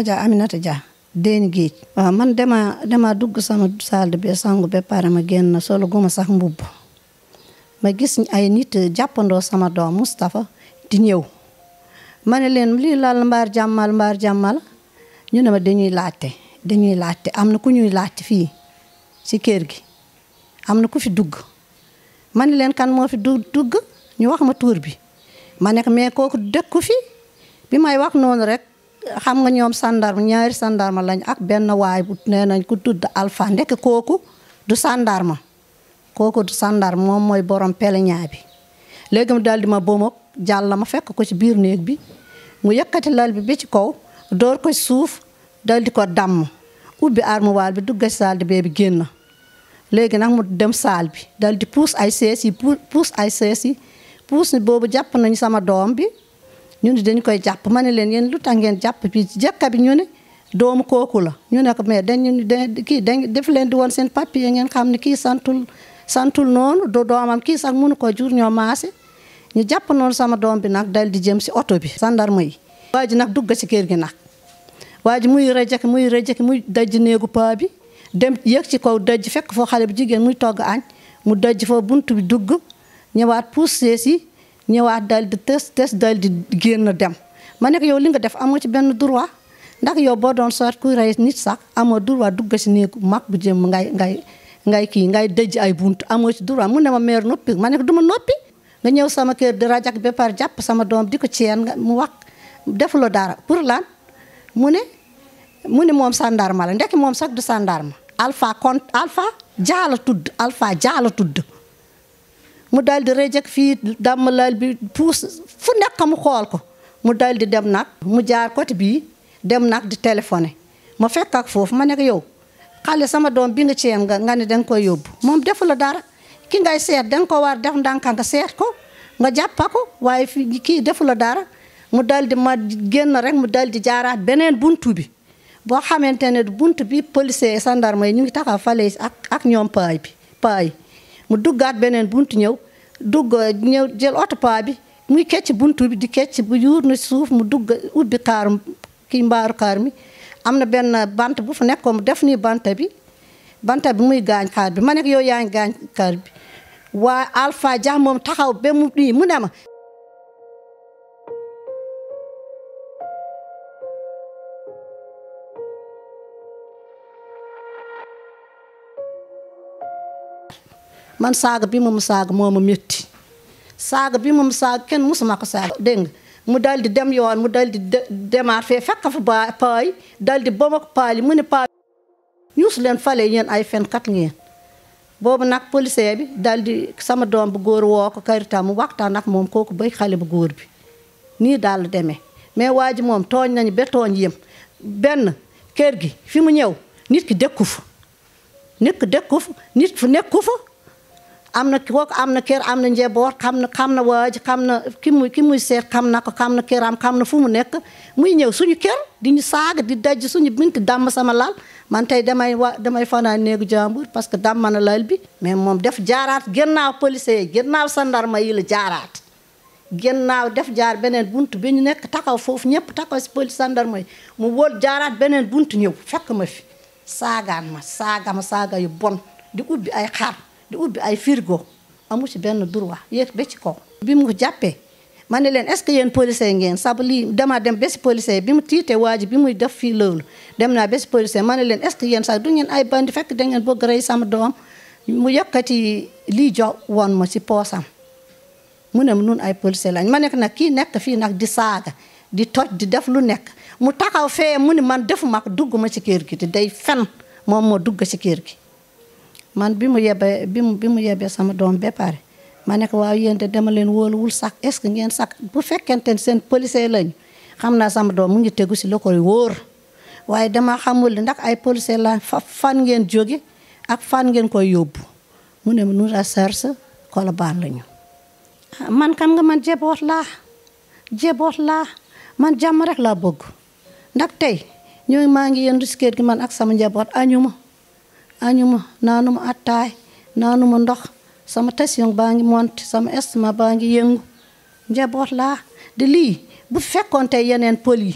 Adja Aminata ja déen géej waaw man dema dama dugg sama salle bi sangu ba pare ma génn solo guma sax mbubb ma gis ay nit jàppandoo sama doom Moustapha di ñëw ma ne leen lii lal mbaar jàmmal mbaar jàmmal ñu ne ma dañuy laajte dañuy laajte am na ku ñuy laajte fii ci kër gi am na ku fi dugg ma leen kan moo du dugg ñu wax ma tuur bi ma nekk mais kooku dëkku fi bi may wax noonu rek xam nga ñoom sandarma ñaari sandarma lañ ak benn waay bu nee nañ ku dudd alpha ndekk kooku du sandarma kooku du sandarma moom mooy borom peleñaa bi léegi mu daal ma boom ak jàll ma fekk ko ci biir néeg bi mu yëkkati lal bi bi ci kaw door ko suuf dal di ko damm ubbi armoire bi dugga saal di bee bi génn léegi nag mu dem saal bi dal di puus ay sees yi puus ay sees yi puus boobu jàpp nañu sama doom bi ñun di dañu koy jàpp ma ne leen yéen lu tax ngeen jàpp bi jëkka bi ñu ne doomu kooku la ñu ne ko mais dañu dañ kii dañ def leen di woon seen papier ngeen xam ne kii santul santul noonu do doomam kii sax mënu ko jur ñoo maase ñu jàpp noonu sama doom bi nag dal di jëm si oto bi gendarme yi waa nag dugg ci kër gi nag waa ji muy rëjëk muy rëjëk muy dajj néegu paa bi dem yëg ci kaw dajj fekk fo xale bu jigéen muy togg añ mu dajj foo buntu bi dugg ñëwaat pousse seesi ñëwaat dal di tes tes daal di génn dem ma nekk yow li nga def amoo ci benn droit ndax yow boo doon soit ku rey nit sax amoo droit dugg si néegu mag bu jëm ngay ngay ngay kii ngay dëj ay bunt amoo ci droit mu ne ma meer noppi ma nekk du ma noppi nga ñëw sama kër di rajak ba par jàpp sama doom di ko ceen nga mu wax defuloo dara pour lan mu ne mu ne moom sandarma la ndekki moom sax du sandarma alpha kon alpha jaala tudd alpha jaala tudd mu daal di rejek fii lal bi puus fu nekk mu xool ko mu daldi dem nag mu jaar côté bii dem nag di téléphoné ma fekk ak foofu ma nekk yow xale sama doom bi nga ceen nga nga ne danga koy yóbbu moom defu la dara ki ngay seet danga ko war def ndànka nga seet ko nga jàppa ko waaye fii kii defu la dara mu daal di ma génn rek mu daal di jaaraat beneen buntu bi boo xamante ne buntu bi policier gendarme yi ñu ngi taxaw fale ak ak ñoom paay bi paay mu duggaat beneen buntu ñëw dugg ñëw jël oto paa bi muy kecc buntu bi di kecc bu yuur na suuf mu dugg ubbi kaaru kii mbaaru kaar mi am na benn bant bu fa nekkoon mu def nii banta bi banta bi muy gaañ kaar bi ma nekk yow yaa ngi gaañ kaar bi waa Alpha Dia moom taxaw ba mu nii man saaga bi moom saaga moo ma métti saaga bi moom saaga kenn musuma ko saaga dégg nga mu dal di dem yoon mu dal di demaat fee fekk fa ba paay dal di bom ak paali mu ne paali ñuus leen fale yéen ay fenkat ngeen boobu nag policier bi dal di sama doom bu góor woo ko karitam mu waxtaan ak moom kooku bay xale bu góor bi nii daal demee mais waa ji moom tooñ nañu ba tooñ yëm benn kër gi fi mu ñëw nit ki dëkku fa nit ki dëkku fa nit fu nekku fa am na kooku am na kër am na njaboot xam na xam na waaj xam na ki muy ki muy seet xam na ko xam na këram xam na fu mu nekk muy ñëw suñu kër di ñu saaga di daj suñu bint dàmm sama laal man tey damay wa damay fanaan néegu jàmbur parce que dàmm na lal bi mais moom def jaaraat gannaaw police yi sandarma yi la jaaraat gannaaw def jaar beneen bunt bi ñu nekk taxaw foofu ñëpp taxaw si police sandarma yi mu wóol jaaraat beneen bunt ñëw fekk ma fi saagaan ma saaga ma saaga yu bon di ubbi ay xar di ubbi ay firgo amu ci benn droit yéeg be ci kaw. bi mu jàppee ma ne leen est ce que yéen policier ngeen sabu lii damaa dem ba ci policier bi mu tiite waa bi muy def fii loolu dem naa ba ci policier ma ne leen est ce que yéen sax du ngeen ay bandi fekk da ngeen bëgg rey sama doom mu yokkati lii woon ma ci poosam mu ne nun ay policier lañ ma nekk nag kii nekk fii nag di saaga di toj di def lu nekk mu taxaw fee mu ne man defuma ko dugg ma ci kër gi di day fen moom moo dugg si kër gi. man bimu yebbe bimu bimu yebbe sama dom be pare mané ko waw yenté sak len wol wul sak est ce que sak bu fekkente sen police lañ xamna sama dom mu ngi tegu ci la wor waye dama xamul ndax ay police la fa fan ngeen jogi ak fan ngeen koy yóbbu mu ne ma ko la bar lañu man kam nga man la laa jeboot la man jam rek la bëgg ndax tay ñoy ma ngi yëndu skeet gi man ak sama jabot añuma añuma naanuma attaay naanuma ndox sama tension yang bangi monte sama estomac bangi ngi yëngu njaboot laa de li bu fekkoon tey yeneen poli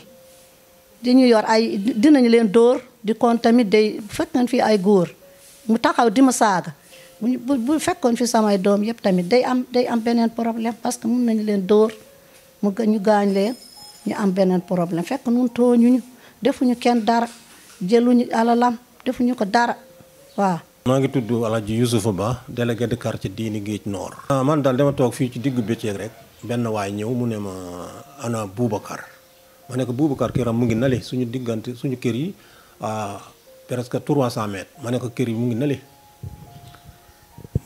di dañu yor ay dinañu leen dóor di kon tamit day bu fekkoon fi ay góor mu taxaw di ma bu bu fekkoon fi sama dom yëpp tamit day am day am benen problème parce que mun nañ leen dóor mu gañu gañ leen ñu am benen problème fekk ñu defu ñu kenn dara jëluñu alalam ñu ko dara waaw maa ngi tudd alhaji youssoufa ba délégué de quartier diini géej nord ah, man daal dama toog fii ci diggu bëccëg rek benn waay ñëw mu ne ma ana boubacar ma ne ko boubacar këram mu ngi nale suñu diggante suñu kër yi ah, presque 300 mètres ma ne ko kër yi mu ngi nale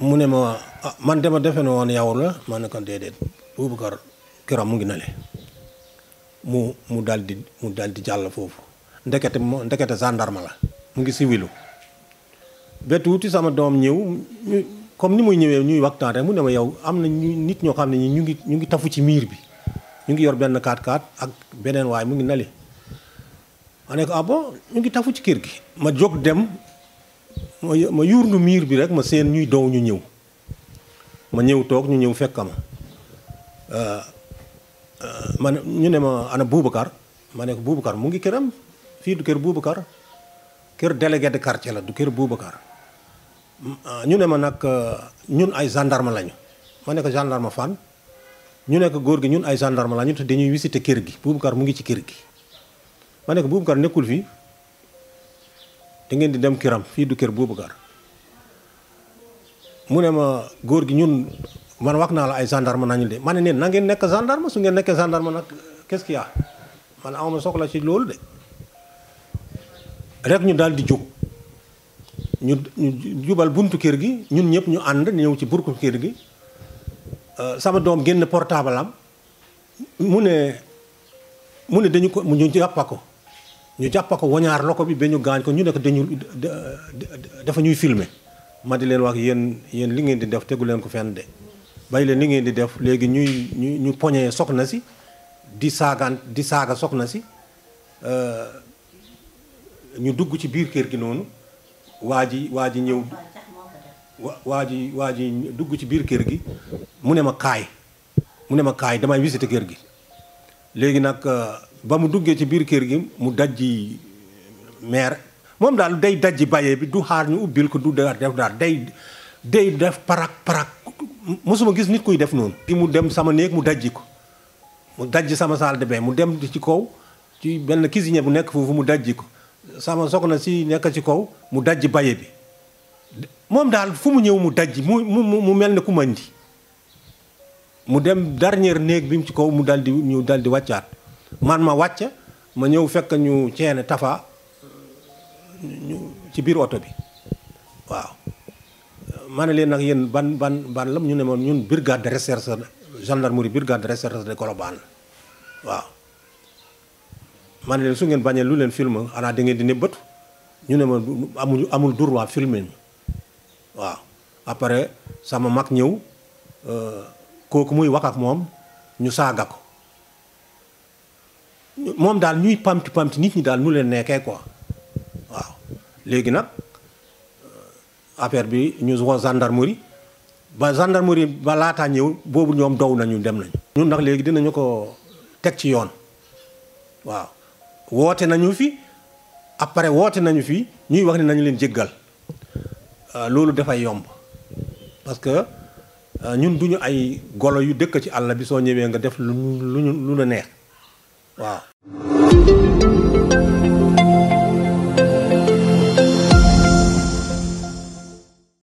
mu ne ma ah, man dama defe ne woon yow la ma ne ko déedéet boubacar këram mu ngi nale mu mu di mu daal di jàll foofu ndekete ndekete gendarme la mu ngi ba tuuti sama doom ñëw ñu comme ni muy ñëwee ñuy waxtaan rek mu ne ma yow am na ñu nit ñoo xam ne ñu ngi ñu ngi tafu ci miir bi ñu ngi yor benn 4 x ak beneen waay mu ngi nale ma ne ko ah ñu ngi tafu ci kër gi ma jóg dem ma ma yuurndu miir bi rek ma seen ñuy dow ñu ñëw ma ñëw toog ñu ñëw fekk euh, euh, ma ne ñu ne ma ana Boubacar ma ne ko Boubacar mu ngi këram fii du kër Boubacar kër délégué de quartier la du kër Boubacar Euh, ñu ne ma nag euh, ñun ay gendarme lañu ma ne ko gendarme fan ñu nekk góor gi ñun ay gendarme lañu te dañuy visiter kër gi Boubacar mu ngi ci kër gi ma nekk ko Boubacar nekkul fii da ngeen di dem këram fii du kër Boubacar mu ne ma góor gi ñun man wax naa la ay gendarme nañu de man ne neen na ngeen nekk gendarme su ngeen nekkee gendarme nag qu'est-ce qu'il a man awma soxla ci loolu de rek ñu daal di jóg ñu jubal buntu kër gi ñun ñëpp ñu ànd ñëw ci burku kër gi euh, sama doom génn portable am mu ne mu ne dañu ko ñu jàppa ko ñu jàppa ko wañaar loko bi ba ñu gaañ ko ñu nekk dañu dafa ñuy filmer ma di leen wax yéen yéen li ngeen di def tegu leen ko fenn de bàyyi leen li ngeen di def léegi ñuy ñu ñu poñee na si di saagaan di saaga na si euh, ñu dugg ci biir kër gi noonu waa ji waa ji ñëw waa ji waa ji dugg ci biir kër gi mu ne ma kaay mu ne ma kaay damay visité kër gi léegi nag euh, ba mu duggee ci biir kër gi mu dajji meer moom daal day dajji bayee bi du xaar ñu ubbil ko du def daal day day def parak parak mosuma gis nit kuy def noonu mu dem sama néeg mu dajji ko mu dajji sama salle de bain mu dem ci kaw ci benn cuisinier bu nekk foofu mu dajji ko sama soxna si nek ci kaw mu dajj baye bi mom dal fu mu ñew mu dajj mu mu melni ku mandi mu dem dernier neeg bi mu ci kaw mu dal di ñu dal di man ma wàcc ma ñew fekk ñu ceene tafa ñu ci biir auto bi waaw ma leen ban ban ban lam ñu ne mom ñun brigade de recherche gendarmerie brigade de recherche de Colobane waaw ma ne leen su ngeen bañee lu leen filmé xanaa da ngeen di nëbbatu ñu ne ma amul amul droit filmé ñu waaw après sama mag ñëw euh, kooku muy wax ak moom ñu saaga ko moom daal ñuy pamti pamti nit ñi daal nu leen nekkee ko waaw léegi nag euh, affaire bi ñu woo gendarmerie ba gendarmerie ba laataa ñëw boobu ñoom dow nañu dem nañu. ñun nag léegi dinañu ko teg ci yoon waaw. woote nañu fi après woote nañu fi ñuy wax ne nañu leen jéggal euh, loolu dafay yomb parce que euh, ñun duñu ay golo yu dëkk ci àll bi soo ñëwee nga def lu lu lu la neex waaw